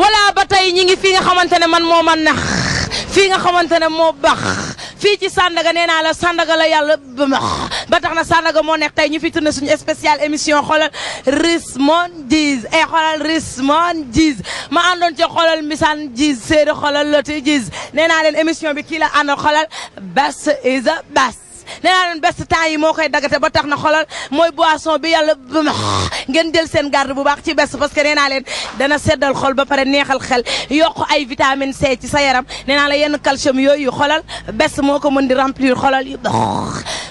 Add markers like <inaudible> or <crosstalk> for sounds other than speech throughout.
voilà ba tey ñi ngi fii nga xamante ne man moo ma nax fii nga xamante ne moo bax fii ci Sandaga nee naa la Sandaga la yàlla ba ba tax na Sandaga moo nekk tey ñu fi tourné suñu spécial émission xoolal Rismonjis e eh, xoolal Rismonjis ma àndoon ci xolal Misaan Jis séeréer xoolal Loti Jis nee naa leen émission bi kii la àndal Bass is Bass nee naa leen best temps yi moo koy dagate ba tax na xolal mooy boisson bi yàlla ngeen jël seen garde bu baax ci best parce que nee naa leen dana seddal xol ba pare neexal xel yokk ay vitamine C ci sa yaram nee naa la yenn calcium yooyu xolal best moo ko mën di remplir xolal yi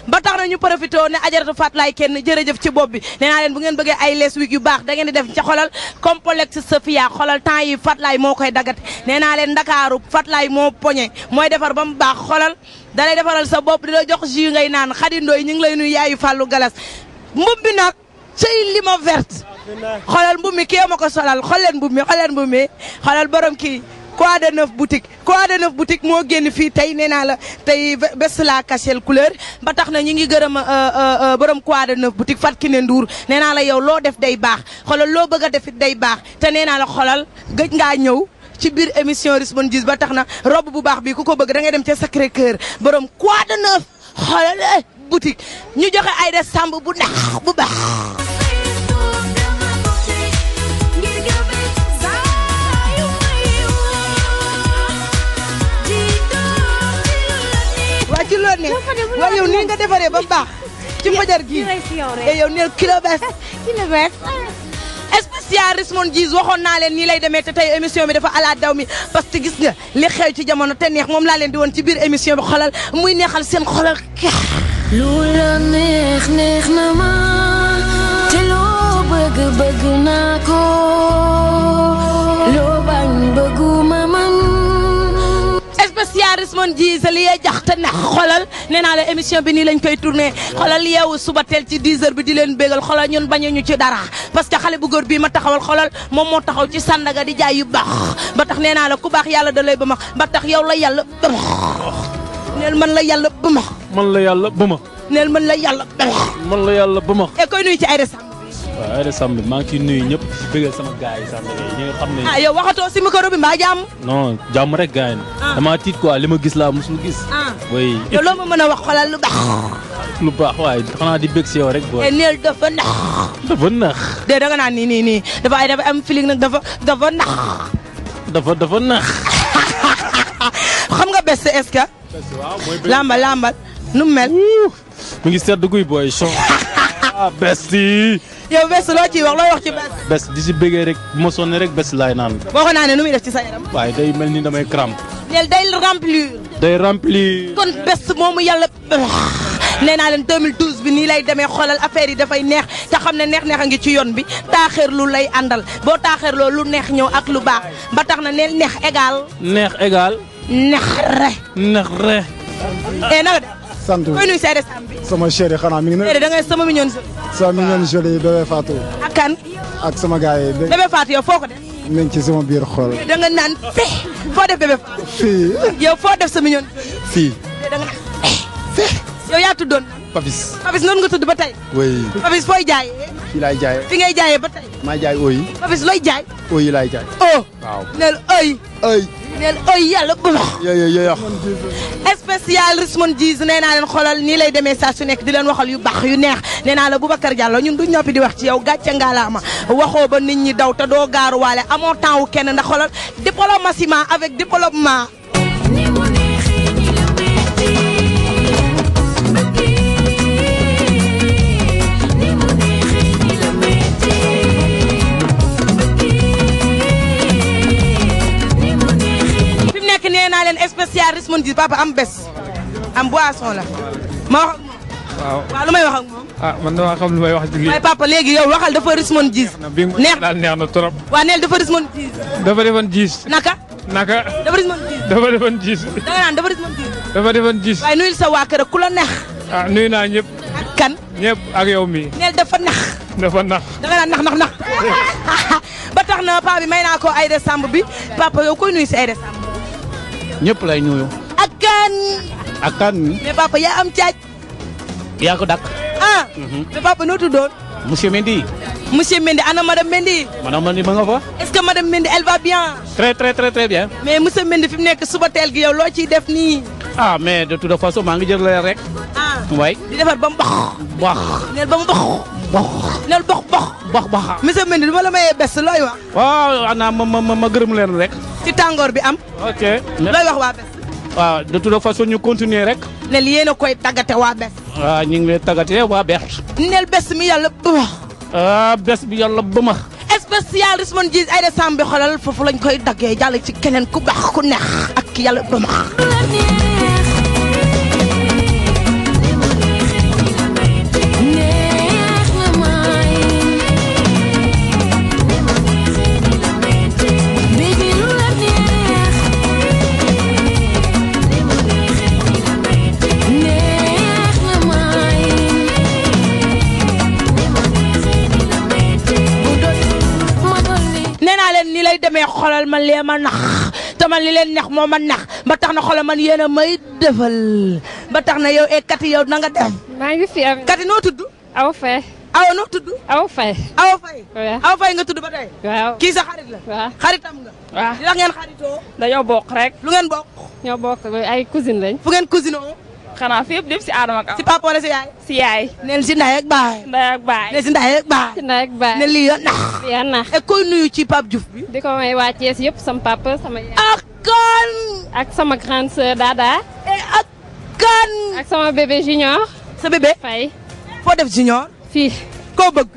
ba tax na ñu profité ne ajaratu faat laay kenn jërëjëf ci bopp bi nee naa leen bu ngeen bëggee ay les wig yu baax da ngeen di def ca xolal complexe Safia xolal temps yi faat laay moo koy dagate nee naa leen ndakaaru faat moo poñe mooy defar ba mu baax xolal dalay defaral sa bopp di la jox jus ngay naan xadindoo yi ñu ngi lay nuyu yaayu fàllu galas mbub bi nag cëy li vert verte xoolal mbub mi kii ma ko solal xool mbub mi xool leen mbub mi borom kii quoi de neuf boutique quoi moo génn fii tey nee naa la tey bés la cachel couleur ba tax na ñu ngi gërëm euh, euh, euh, borom quoi de neuf boutique Fatou Kiné Ndour nee naa la yow loo def day baax xoolal loo bëgg a def day baax te nee naa la xoolal gëj ngaa ñëw. ci biir émission Rich Mon ba tax na rob bu baax bi ku ko bëgg da ngay dem ca Sacré Cœur borom quoi de neuf xoolal boutique ñu joxe ay de samb bu ndax bu baax. waaye yow nii nga defaree ba mu baax. ci fajar gi te eh, yow neel kilo bees. kilo bees. spécial Rismon Djizz waxoon naa leen nii lay demee te tey émission bi dafa ala daw mi parce que gis nga li xew ci jamono te neex moom laa leen di woon ci biir émission bi xolal muy neexal seen xolal keex. lu la neex neex na ma te loo bëgg bëgg naa ko. yaaris mon ji sa li yee jaxte neex xolal nee la émission bi nii lañ koy tourné xolal yeewu suba teel ci 10 bi di leen bégal xolal ñun bañu ñu ci dara parce que xale bu góor bii ma taxawal xolal moom moo taxaw ci Sandaga di jaay yu baax ba tax nee naa la ku baax yàlla da lay ba max ba tax yaw la yàlla ba max neel man la yàlla ba max man la yàlla ba max neel man la yàlla la yàlla ba max e koy nuyu ci ay resam Aida Samb maa ngi ciy nuyu ñëpp bëggal sama gaay yi Samb ñi nga xam ne. ah yow waxatoo si micro bi mbaa jàmm. non jàmm rek gaay yi. Ah. damaa tiit quoi li ma gis laa mosul gis. Ah. oui. yow loo ma mën a wax xoolal lu baax. <laughs> lu baax waaye xanaa di bëgg si yow rek. booy eh, neel dafa nax. <laughs> dafa nax. de danga naan nii nii nii dafa ay dafa am feeling nag dafa dafa nax. dafa dafa nax. <laughs> xam nga bés est-ce que. lambal lambal nu mu mel. mu ngi sedd guy booy. ah bés yi. yow bés loo wax looy wax ci bés. bés di si bëggee rek bu ma sonnee rek bés laay naan. boo ko naanee nu muy def ci sa yaram. waaye day mel ni damay crampe. neel day remplir. day kon bés moomu yàlla. nee naa leen 2012 bi nii lay demee xoolal affaire yi dafay neex te xam ne neex-neex a ngi ci yoon bi taaxeer lu lay àndal boo taaxeerloo lu neex ñëw ak lu baax ba tax na neel neex égal. neex égal. neex re. neex re. eh naka de. sant bi koy nuyu seede sam bi. sama chéri xanaa mi ngi nuyu. da ngay sama mignonne jolie. sama mignonne jolie bébé Fatou. ak kan. ak sama gars yi. bébé yow foo ko def. mi sama biir xol. da nga naan fe foo def bébé Fatou. yow foo def sa mignonne. fii. da nga naan fe. yow yaa tuddoon. Papis. Papis noonu nga tudd ba tey. oui. Papis fooy jaayee. fii laay jaayee. fi ngay jaayee ba tey. maa jaay ooyi. Papis looy jaay. ooyi laay jaay. oh. neel ooyi. neel oy yàlla bu lox spécial Rich-mon Djizz nee naa leen xoolal nii lay demee saa su nekk di leen waxal yu baax yu neex nee naa la Boubacar Diallo ñun du ñoppi di wax ci yow gàcce ngaalaama waxoo ba nit ñi daw te doo gaaruwaale amoo temps wu kenn ndax xoolal diplomatie avec diplôme mën gis papa am bés am boisson la ma wax ak moom. waaw waaw lu may wax ak moom. ah man damaa xam lu may wax ci lii. waaye papa léegi yow waxal dafa ris mën gis. neex na neex na trop. waa neel dafa ris mën gis. dafa defoon gis. naka. naka. dafa ris jiis gis. dafa defoon gis. da nga naan dafa ris mën gis. dafa defoon gis. waaye sa waa kër ku la neex. ah naa ñëpp. ak ak yow mii. neel dafa nax. dafa nax. da naan nax nax nax. <laughs> <laughs> ba tax na paa bi may naa ko ay Aïda Samb bi papa yow koy nuyu si Aïda Samb ñëpp lay nuyu. ak kan. ak kan yaa am caaj. yaa ko dakk ah. Mhm. mais papa noo tuddoon. monsieur Mendy. monsieur Mendy ana madame Mendy. madame Mendy ma nga fa. est-ce que madame Mendy elle va bien. très très très très bien. mais monsieur Mendy fi mu nekk suba teel gi yow loo ciy def nii. Ah, mais de toute façon maa rek. ah waay di defar ba mu bax. bax neel ba mu bax. bax neel bax bax. ma la mayee bés looy wax. ana ma ma gërëm leen rek. ci tàngoor bi am. ok looy wax waa bes. waaw de toute façon ñu continuer rek. ne li yéen a koy tàggate waa bes. waaw ñu ngi lay tàggatee waa bes. nel bes mi yàlla bëma. Ah, bes bi yàlla bëma. spécial Rismon Djizz Aïda Samb bi xolal foofu lañ koy daggee jàll ci keneen ku baax ku neex ak yàlla bëma. man lee ma nax te man li leen neex moo ma nax ba tax na xoolal man yéen a may defal ba tax na yow e kati yow nanga nga maa ngi fi am kati noo tudd. aw fay. aw noo tudd. aw fay. aw fay. aw nga tudd ba tey. waaw kii sa xarit la. waaw xaritam nga. waaw li tax ngeen xaritoo. dañoo bokk rek. lu ngeen bok ñoo bokk ay cousine lañ. fu ngeen cousinoo. xanaa fi yëpp dem si aadama ak si papa wala si yaay. si yaay. neel si baay. ndaay ak baay neel si baay. si ndaay ak baay koy nuyu ci Pape Diouf di ko may waa Thiès yëpp sama papa sama yaay. ak kan. ak sama grande Dada. et ak kan. ak sama bébé junior. sa bébé Faye. foo def junior. fii. koo bëgg.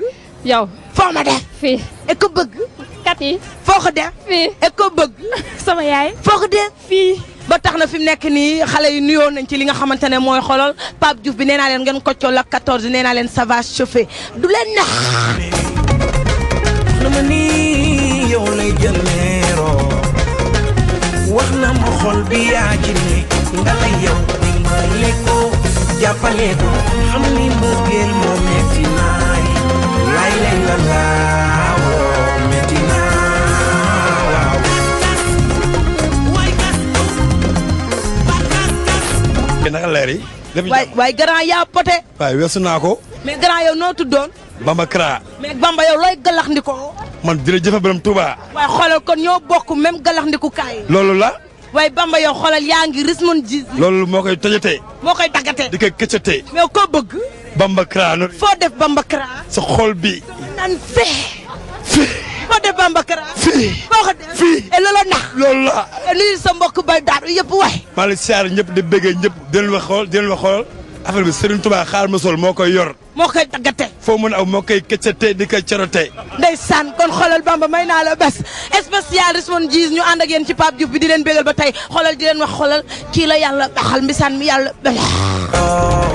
yow. foo ma def. fii. ko bëgg. kat yi. ko def. fii. et ko bëgg. <laughs> sama yaay. foo ko def. fii. ba tax na fi mu nekk nii xale yi nuyoo nañ ci li nga xamante ne mooy xolol Pape Diouf bi nee naa leen ngeen koccoo la 14 nee naa leen ça va chauffer du leen nax. na ma ni yow lay jël wax na ma xol bi yaa ci nga lay yow dimbale ko jàppale ko xam ni mbëggeel moo metti naay laay lay la laay. naka leer yi. def waay waay grand yaa pote. waay weesu naa ko. mais grand yow noo tuddoon. Bamba Kara. mais Bamba yow looy galaxndiku. man jërëjëf borom Touba. waay xoolal kon ñoo bokk même galaxndiku kaay. loolu la. waaye Bamba yow xoolal yaa ngi rismon ji. loolu moo koy tojatee. moo koy dagatee. di ko këccatee. mais koo bëgg. Bamba Kara. foo def Bamba Kara. sa xol bi. naan fee. Bamba Kara. fii fii la nax. loolu la nuyu sa mbokk ba daanu yëpp waay. maa siyaar ñëpp di bëggee ñëpp di leen wax xool di leen wax xool affaire bi Serigne xaar ma sol moo koy yor. moo koy daggate. foo mën aw moo koy këccate di koy corote. ndeysaan kon xoolal Bamba may naa la bés spécial Rismon Djizz ñu ànd ak yéen ci Pape Diouf bi di leen bégal ba tey xoolal di leen wax xoolal kii la yàlla baxal mbisaan mi yàlla oh,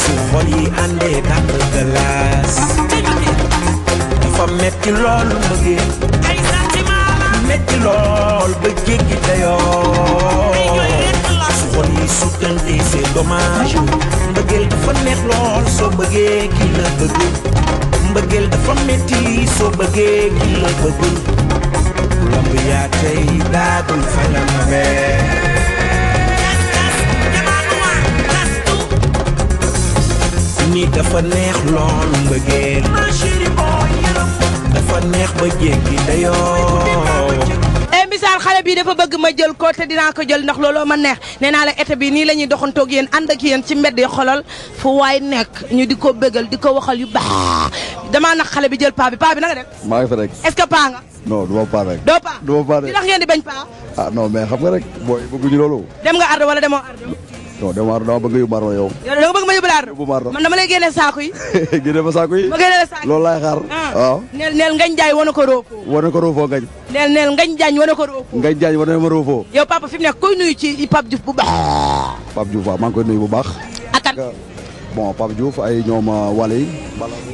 su xol yi àndee kàpp glace dafa metti lool mbëggeel metti lool ba jéggi dayoo su xol yi sukkante c'est dommage mbëggeel dafa neex lool soo bëggee ki la bëgg mbëggeel dafa metti soo bëggee ki la bëgg lamb yaa tey daagul fanam bee ni dafa neex lool mbëggeel neex ba jéggi dayoo. Eh, misaal xale bi dafa bëgg ma jël ko te dinaa ko jël ndax looloo ma neex nee naa la été bi nii la ñuy doxantoog yéen ànd ak yéen ci mbedd yi xolal fu waay nekk ñu di ko bëggal di ko waxal yu baax damaa nag xale bi jël paa bi paa bi na nga def. maa ngi rek. est paa nga. non du ma paa rek. doo paa di tax ngeen di bañ paa. ah non mais xam nga rek booy bëgguñu loolu. dem nga ardo wala demoo ardo. non dama dama bëgg nga yóbbu maar ma yow. yow da nga bëgg ma yóbbu laar yóbbu maar man dama lay génne saako yi. <laughs> génne ma saako yi ma génne la saako yi loolu laay xaar. Ah. waaw neel neel ngañ jaay wane ko roofoo. wane ko roofoo ngañ. neel neel ngañ jaañ wane ko roofoo. ngañ jaañ wane ma roofoo. yow papa fi mu nekk koy nuyu ci Pape Diouf bu baax. Pape Diouf waaw maa ngi koy nuyu bu baax. akan bon Pape Diouf ay ñoom ah, Wally.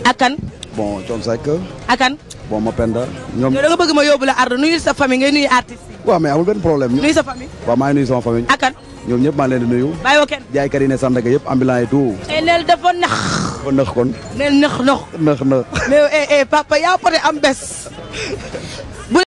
akan bon Thione Seck. akan bon Mapenda. ñoom yow da nga bëgg ma yóbbu la Ardo nuyu sa famille ngay nuyu artiste. waaw mais amul benn problème. nuyu sa famille. waaw maa ngi nuyu sama famille. akan ñoom ñëpp maa leen di nuyu. bàyyiwoo kenn jaaykat yi ne Sandaga yëpp ambulant yi tout. tey eh, neel dafa nax. dafa nax kon. neel nax nax. nax nax. Eh, eh, papa yaa pote am bés.